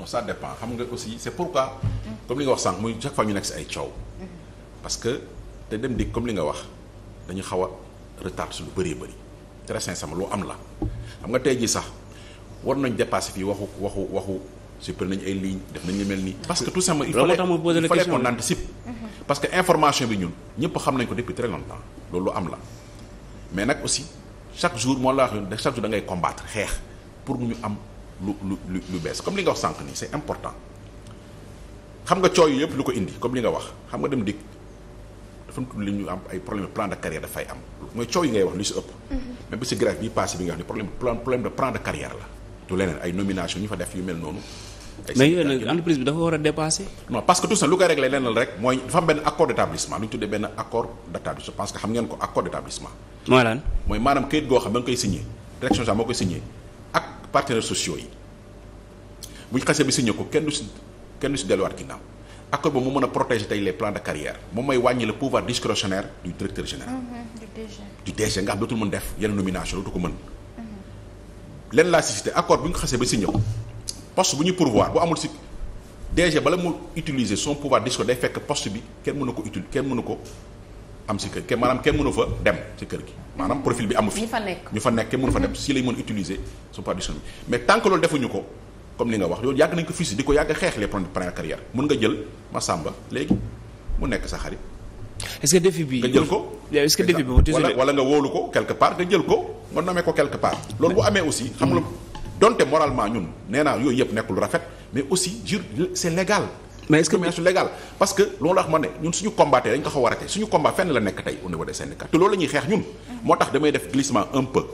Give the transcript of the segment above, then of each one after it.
non ça dépend xam nga aussi c'est pourquoi comme li nga wax sànq muy chaque fois ñu nekk si ay coow parce que te dem di comme li nga wax dañu xaw a retard su lu bëree bëri très sincèrement loo am la xam nga tey jii sax war nañ dépasser fii waxu waxu waxu supprimer nañu ay lignes def nañu mel nii. parce que tout simplement il fallait il fallait qu'on anticipe parce que information bi ñun ñëpp xam nañ ko depuis très longtemps loolu lu am la mais nag aussi chaque jour moo la wax chaque jour da ngay lu lu lu comme li nga wax sànq nii c'est nga coow yëpp lu ko indi comme li nga wax xam nga dem dikk dafa li ñu am ay wax lu si ëpp. mais mm-hmm. bi si grève bi passé bi nga wax ni problème problème de plan leneen ay nomination ñu fa def yu mel noonu. entreprise bi dafa war a dépasser. non parce que tout ça lu koy réglé leneen rek mooy dafa benn accord d' lu ñu tuddee benn accord d' parce que xam ngeen ko accord d' mooy lan mooy maanaam kayit goo xam da nga koy signé direction sax moo koy signé ak partenaires sociaux yi. bu ñu xasee bi signé ko kenn du si kenn du si delluwaat ginnaaw accord ba mu mën a protéger tey les plans de carrière moom mooy wàññi le pouvoir discrétionnaire du directeur général. Mm-hmm, du DG. nga xam dootul mën def yenn nomination dootu ko mën. Mm-hmm. lenn laa si cité accord bu ñu xasee ba signé ko poste bu ñu pourvoir bu amul si DG bala mu utiliser son pouvoir discrétionnaire day fekk post bi kenn mënu ko utile kenn mënu ko. am si kër kenn maanaam kenn mënu fa dem si kër gi. maanaam mm-hmm. profil bi amu fi. ñu fa nekk ñu fa nekk kenn mënu fa dem si lay mais tant que ko. comme li nga wax loolu yàgg nañ ko fii si di ko yàgg xeex les problèmes de première carrière mun nga jël Massamba léegi mu nekk sa xarit. est-ce bi nga jël ko. est-ce que défi bi wala nga woolu ko quelque part nga jël ko nga nommé ko quelque part. loolu bu amee aussi xam nga mm. donte moralement ñun nee naa yooyu yëpp lu rafet mais aussi jur c'est légal. mais est que mais c'est légal parce que loolu wax ma ne ñun suñu combat tey dañ ko xaw a suñu combat fenn la nekk tey au niveau des syndicats te loolu la ñuy mm. tax damay def glissement un peu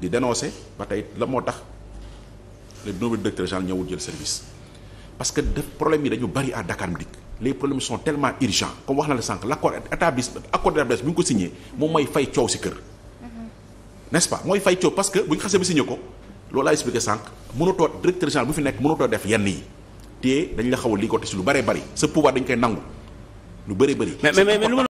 di dénoncer ba tey la moo tax le nouveau directeur général ñëwul jël service parce que def problème yi dañu bari à Dakar Midi les problèmes sont tellement urgents comme wax na la sànq l' accord établissement accord d'établissement bi ko signé moom mooy fay coow si kër nest pas mooy fay coow parce bu ñu xasee bi signé ko loolu laa expliqué sànq mënatoo directeur général bu fi nekk mënatoo def yenn yi te dañ la xaw a ligoté lu bëree bëri sa pouvoir dañ koy nangu lu bëri bëri